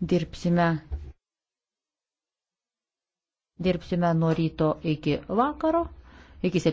dirbsime. Dirbsime nuo ryto iki vakaro, iki 7.